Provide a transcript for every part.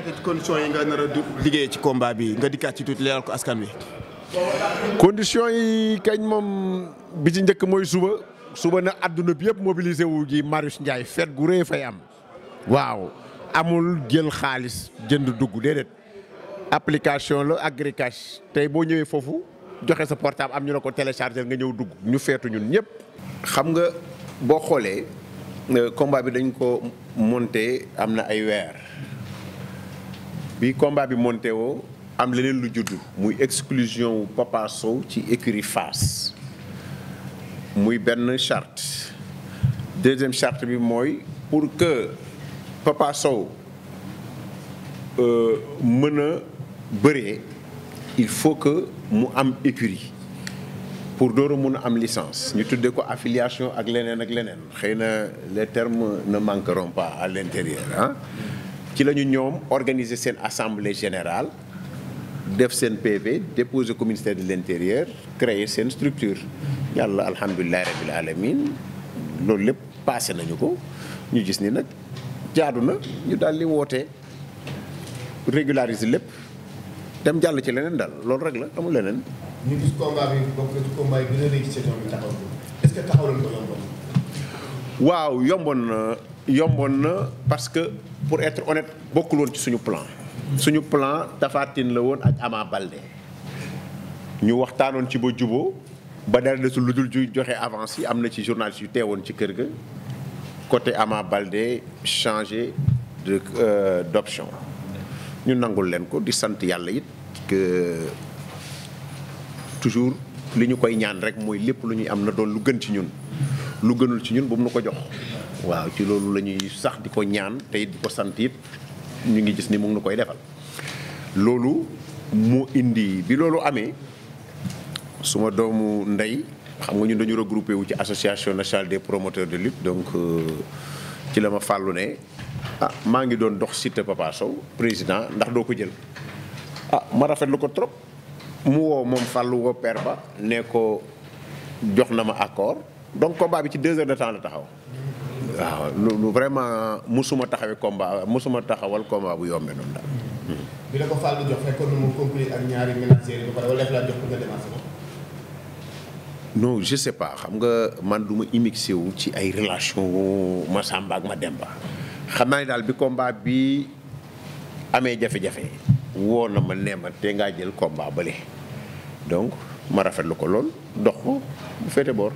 dikkaate ci yi nga nar a liggéey ci combat bi nga dikkaat ci tuuti leeral ko askan wi. conditions yi kañ moom bi ci njëkk mooy suba suba na àdduna bi yëpp mobilisé wu ji Marius Ndiaye fête gu rëy fay am. waaw amul jël xaalis jënd dugg déedéet application la agricash tey boo ñëwee foofu joxe sa portable am ñu ne ko télécharger nga ñëw dugg ñu feetu ñun ñëpp. xam nga boo xoolee euh, combat bi dañ ko monté am na ay weer. bi combat bi monté am leneen lu judd muy exclusion wu Papa Sow ci écurie Fass muy benn chart deuxième charte bi mooy pour que Papa Sow euh, mën a bëree il faut que mu am écurie pour door a mun a am licence ñu tuddee ko affiliation ak leneen ak leneen xëy na les termes ne manqueront pas à l'intérieur ah ci la ñu ñoom organiser seen assemblée général def seen PV déposer ko de l' intérieur créer seen structure yàlla alhamdulilah rabil alamin loolu lépp passé nañu ko ñu gis ni nag jaadu na ñu daal di woote régulariser lépp dem jàll ci leneen daal loolu rek la amul leneen. ñu gis combat waaw yomboon na. yomboon na parce que pour être honnête bokkul woon ci suñu plan. suñu plan Tapha la woon ak Ama Baldé ñu waxtaanoon ci ba jubo ba dara desul lu dul ju joxe avance yi am na ci journaliste yu teewoon ci kër gi côté Ama balde changé de euh, d'option ñu nangul leen ko di sant yàlla it que toujours li ñu koy ñaan rek mooy lépp lu ñuy am na doon lu gën ci ñun lu gënul ci ñun bu mu nu ko jox. waaw ci loolu la ñuy sax di ko ñaan tey di ko sant yëpp ñu ngi gis ni mu ngi koy defal loolu mu indi bi loolu amee suma doomu ndey xam nga ñu dañu regroupé wu ci association nationale des promoteurs de lutte donc euh, ci la ma fàllu ne ah maa ngi doon dox Siteu Papa Sow président ndax doo ko jël ah ma rafet lu ko trop mu woo moom fàll woo père ba ne ko jox na ma accord donc combat bi ci deux heures de temps la taxaw waaw lu vraiment musuma taxawee combat musuma taxawal combat bu yombee noonu daal. bi la ko Fallou jox fekkoon na mu conclure ak ñaari ménageries yi ba pare wala def laa xam nga man du ma immixé wu ci ay relation ma Samba ma Demba xam naa ne daal bi komba bi amee jafe-jafe woo na ma nee te ngaa jël combat bële donc ma rafetlu ko lool dox ko bu féete boor.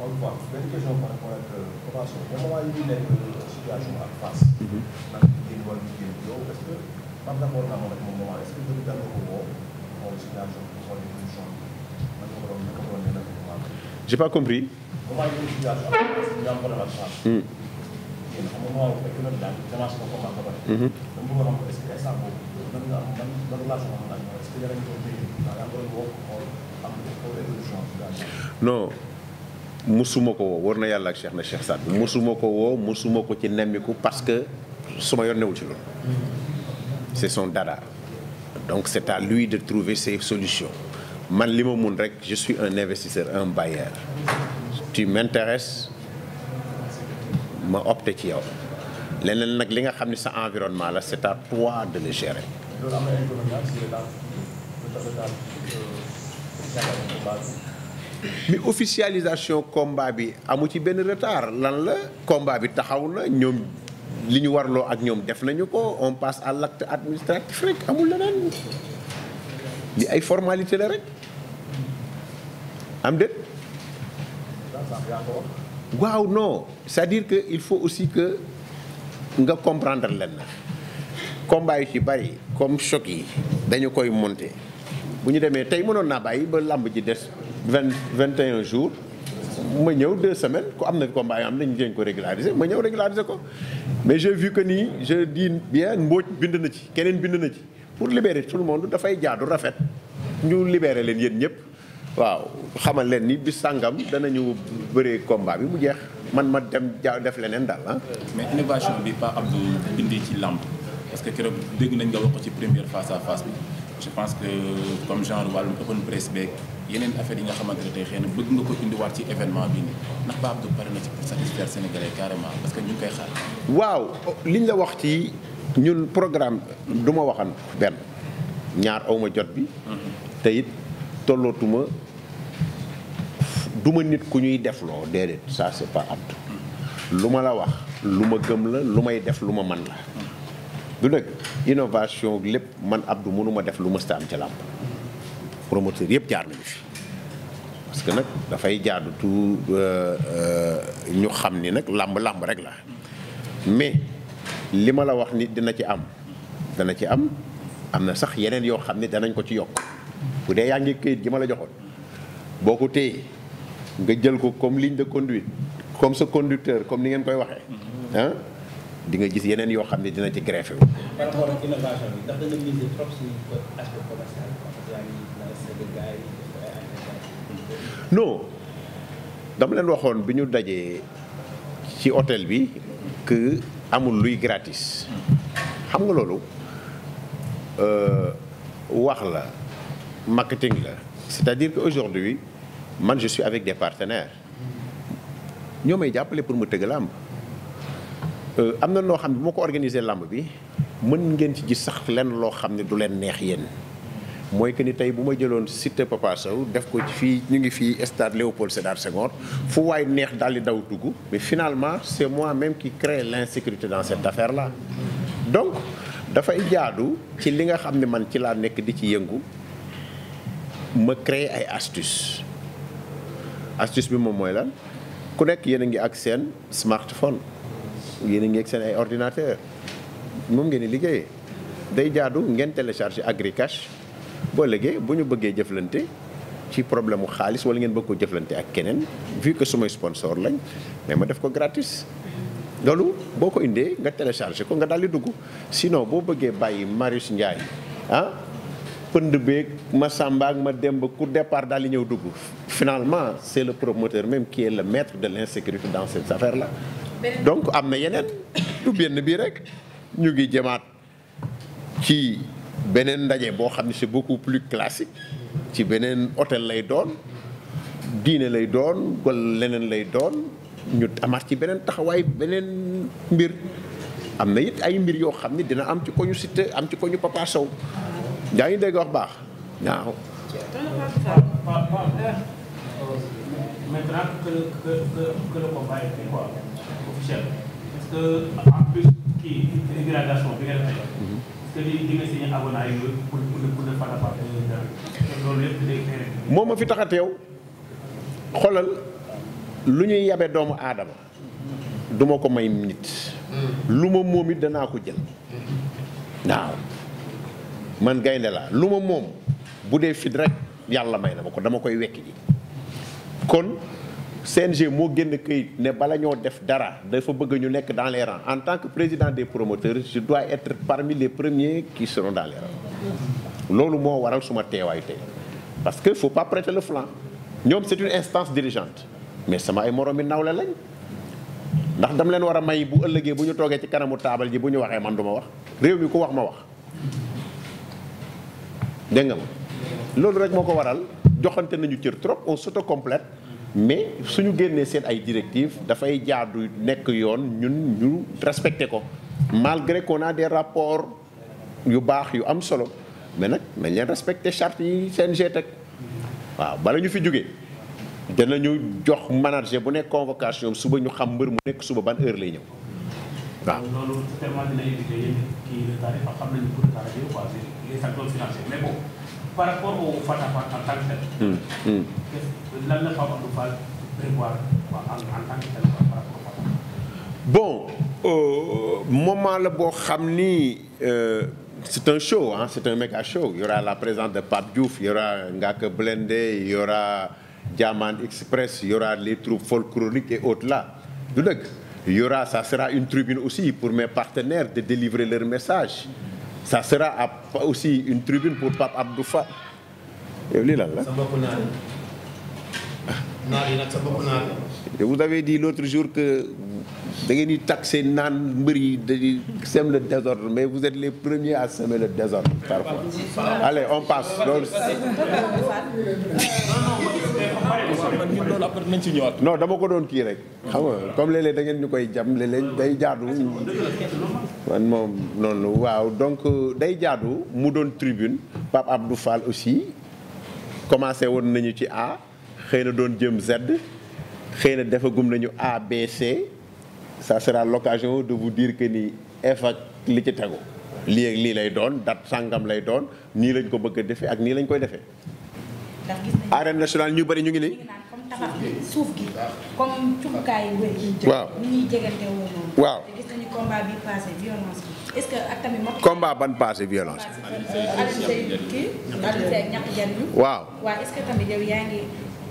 on voit benn question par rapport ak formation bi moment yi ñu nekk situation ak face. ndax jigéen wala jigéen yow est-ce que par rapport naa moom ak moom moment est-ce que dëgg dara ko woo moom situation bi xool évolution bi man ma ko doon naka doon ne nag moment bi. j'ai pas compris. moment yi ñu situation ak face ñu am problème ak face. yéen xam nga moment fekk na daal démarche ko comment ko bare. donc bu ko xam est-ce que instant boobu nan nga am ban ban relation am naa est-ce que yàlla ñu doon dégg ndax yaa ngi doon woo xool am évolution situation. non. musuma ko woo war na yàlla ak Cheikh na Cheikh Saad mosuma ko woo mosuma ko ci nemmiku parce que suma yoon newul ci loolu c'est son dada donc c'est à lui de trouver ses solutions man li ma mun rek je suis un investisseur un bailleur tu m'intéresses ma opte ci yow leneen nag li nga xam ne sa environnement la c'est à toi de le bi officialisation combat bi amu ci benn retard lan la combat bi taxaw na ñoom li ñu warloo ak ñoom def nañu ko on passe à l'acte administratif rek amul leneen li ay formalité la rek am déet waaw non cest dire que il faut aussi que nga comprendre leen na combat yu ci bari comme choc yi dañu koy monter bu ñu demee tey mënoon naa bàyyi ba làmb ji des vingt vingt et un jours ma ñëw deux semaines ku am na combat yoo xam nañ dañ ko régulariser ma ñëw régulariser ko mais j'ai vu que nii je dis bien Mbodj bind na ci keneen bind na ci pour libérer tout le monde dafay jaadu rafet ñu libérer leen yéen ñëpp waaw xamal leen ni bis sàngam danañu bëree combat bi mu jeex man ma dem ja def leneen daal ah. mais innovation bi Pa Abdou indi ci làmp parce que keroog dégg nañ nga wax ci première face à face je pense que comme genre wàllu open press beeg yeneen affaire yi nga xamante ne tey xëy na bëgg nga ko indiwaat ci événement bi ni ndax Pape Abdou pare na ci pour satisfaire sénégalais carrément parce que ñu ngi koy xaar. waaw liñ la wax ci ñun programme du ma waxan benn ñaar awma jot bi. Mhm. te it tollootuma duma nit ku ñuy defloo déedéet ça c'est pas apte mhm. lu ma la wax lu ma gëm la lu may def lu ma man la. Mhm. du dëgg innovation lépp man Abdou mënuma def lu mësta am ci làmb promoteur yëpp jaar nañu fi parce que nag dafay jaadu tout euh, euh, ñu xam ni nag làmb làmb rek la mais li ma la wax nit dina ci am dana ci am am na sax yeneen yoo xam ne danañ ko ci yokk bu dee yaa ngi këyit gi ma la joxoon boo ko téye nga jël ko comme li ligne de conduite comme sa conducteur comme ni ngeen koy waxee di nga gis yeneen yoo xam ne dina ci greffé wu. par bi dama leen waxoon bi ñu dajee ci hôtel bi que amul luy gratis xam nga loolu euh, wax la marketing la cest a dire que aujourd'hui man je suis avec des partenaires ñoo may jàppale pour ma tëgg am Euh, am na noo xam ne bu ma ko organisé làmb bi mën ngeen ci gis sax lenn loo xam ne du leen neex yéen mooy que ni tey bu ma jëloon Siteu Papa Sow def ko fii ñu ngi fii stade Léopold Sédar Senghor fu waay neex daal di daw dugg mais finalement c'est moi-même qui crée l'insécurité dans cette affaire la donc dafay jaadu ci li nga xam ne man ci laa nekk di ci yëngu ma créer ay astuce astuce bi moom mooy lan ku nekk yéen a ngi ak seen smartphone yéen a ngi ak seen ay ordinateur moom ngeen di liggéeyee day jaadu ngeen télécharger Agricash boo liggéey bu ñu bëggee jëflante ci problème mu xaalis wala ngeen bëgg ko jëflante ak keneen vu que sumay sponsor lañ mais ma def ko gratis. loolu boo ko indee nga télécharger ko nga daal di dugg sinon boo bëggee bàyyi Marius Ndiaye ah pënd beeg ma Samba ak ma Demba ku départ dal di ñëw dugg. finalement c'est le promoteur même qui est le maître de l'insécurité dans cette affaire donc am na yeneen du benn bii rek ñu ngi jëmaat ci beneen ndaje boo xam ne c'est beaucoup plus classique ci beneen hôtel lay doon diine lay doon walla leneen lay doon ñu amaat ci beneen taxawaay beneen mbir am na it ay mbir yoo xam ni dina am ci ko ñu Siteu am ci ko ñu Papa Sow yaa ngi dégg wax baax waaw maintenant kii dégradation moom ma fi tax a teew xoolal lu ñuy yabe doomu aadama duma ko may nit mm. lu ma moom it danaa ko jël waaw man gaynde laa lu ma moom bu dee fit rek yàlla may na ma ko dama koy wekk ji kon CNG moo génn këyit ne bala ñoo def dara dafa bëgg ñu nekk dans les rangs en tant que président des promoteurs je dois être parmi les premiers qui seront dans les rangs loolu moo waral suma teewaay tey parce que faut pas prêter le flanc ñoom c'est une instance dirigeante mais sama ay moromi nawle lañ ndax dam leen war a may bu ëllëgee bu ñu toogee ci kanamu taabal ji bu ñu waxee man du ma wax réew mi ku wax ma wax dégg nga ma loolu rek moo ko waral joxante nañu cër trop on complet mais suñu génnee seen ay directives dafay jaadu nekk yoon ñun ñu respecté ko malgré qu'on a des rapports yu baax yu am solo mais nag nañ leen respecté charte yi CNG e teg waaw bala ñu fi jógee danañu jox manager bu nekk convocation suba ñu xam mbër mu nekk suba ban heure lay ñëw par rapport au face à face en tant que tel. lan mm, mm. la Pape Abdou Fall prévoir en tant que tel par rapport au face à face. bon euh, moment la boo xam ni. Euh, c'est un show ah c'est un méga show il y aura la présence de Pape Diouf il y aura Ngaaka Blindé il y aura Diamant Express il y aura les troupes folkloriques et autres là du dëgg il y aura ça sera une tribune aussi pour mes partenaires de délivrer leur message ça sera à, aussi une tribune pour Pape Abdou Fall yow lii lan la. sa bopp naa la. Ah. naa la nag sa bopp naa la. vous avez dit l'autre jour que. da ngeen di seen naan mbër yi dañuy sème le désordre mais vous êtes les premiers à semer le désordre parfois allez on passe loolu. non dama ko doon kii rek. xam nga comme léeg-léeg da ngeen ñu koy jam léeg-léeg day jaadu. man moom noonu waaw donc euh, day jaadu mu doon tribune Pape Abdou Fall aussi commencé woon nañu ci A xëy na doon jëm Z xëy na defagum nañu A B ça sera l'occasion de ni F li ci tegu lii lii lay doon date sàngam lay doon nii lañ ko bëgg a defee ak nii lañ koy defee. arène nationale ñu ñu ngi nii. suuf comme cumkaay ban passé violence bi. Alioune Seye kii Alioune Seye ñàkk jariñu. waaw waaw est tamit yow yaa ngi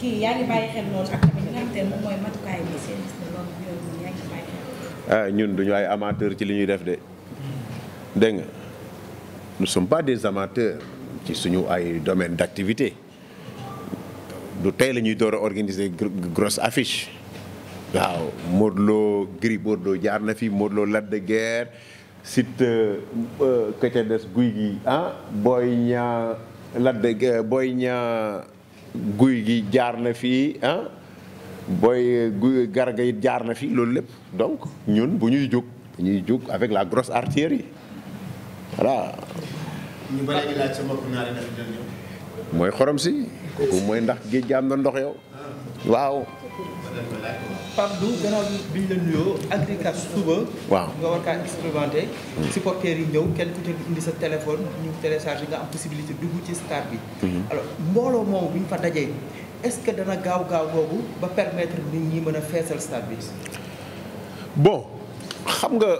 kii yaa ngi bàyyi xel loolu ak tamit li nga xamante ne mooy matukaay bi seen gis na loolu ah ñun duñu ay amateur ci li ñuy def de dégg nga nous sommes pas des amateurs ci suñu ay domaine d'activité du tey la ñuy door a organiser grosse affiche waaw Modou Lo Gris Bordeaux jaar na fi Modou Lo Lac de Guiers Siteu euh, këca euh, des guy gi ah Boy Niang de Guiers Boy Niang guy gi jaar na fii ah. booy guy garga it jaar na fi loolu lépp donc ñun bu ñuy jóg bu ñuy jóg avec la grosse artillerie voilà. ñu mooy xorom si kooku mooy ndax géej gi am na ndox yow. waaw. Pape Dou gannaaw bi ñu la nuyoo Agricat suba. waaw nga war kaa expérimenté. Hmm. supporters yi ñëw kenn ku ci indi sa téléphone ñu télécharge nga am possibilité dugg ci stade bi. Hmm. mbooloo moomu bu fa dajee. est-ce que dana gaaw gaaw boobu ba permettre nit ñi mën a feesal stade bi. bon xam nga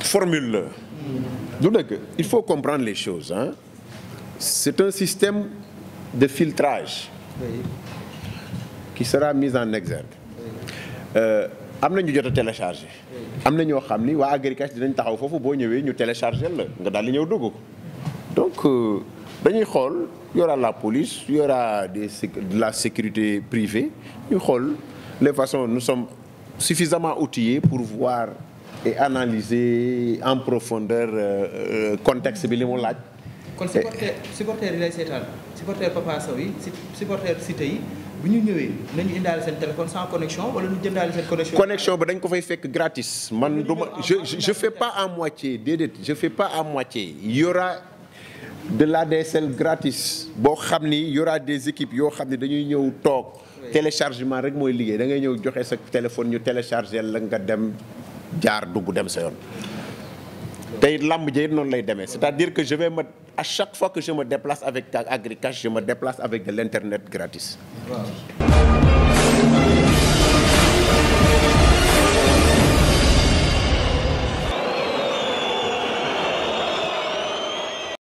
formule la. Hmm. du nekk il faut comprendre les choses ah. c'est un système de filtrage. Oui. qui sera mise en exergue. Euh, am na ñu jot a téléchargé. am na ñoo xam ni waa Agricash dinañ taxaw foofu boo ñëwee ñu téléchargé la nga daal di ñëw dugg donc. Euh, dañuy xool y aura la police y aura des de la sécurité privée ñu xool les façons nous sommes suffisamment outillés pour voir et analyser en profondeur euh, euh contexte bi li mu laaj. kon supporter supporter yi lay seetaan supporter Papa Sow yi supporter Cité yi bu ñu ñëwee nañu indaale seen téléphone sans connexion wala ñu jëndaale seen connexion. connexion ba dañ ko fay fekk gratis. man duma je je fais pas à moitié déedéet je fais pas à moitié y aura de la l'ADSL gratis boo xam ni y des équipes yoo xam ni dañuy ñëw toog téléchargement rek mooy liggéey da ngay ñëw joxe sa téléphone ñu télécharger la nga dem jaar dugg dem sa yoon tey làmb ji noonu lay demee c'est-à-dire que je ma me à chaque fois que je me déplace avec Agricash je me déplace avec de l'internet gratis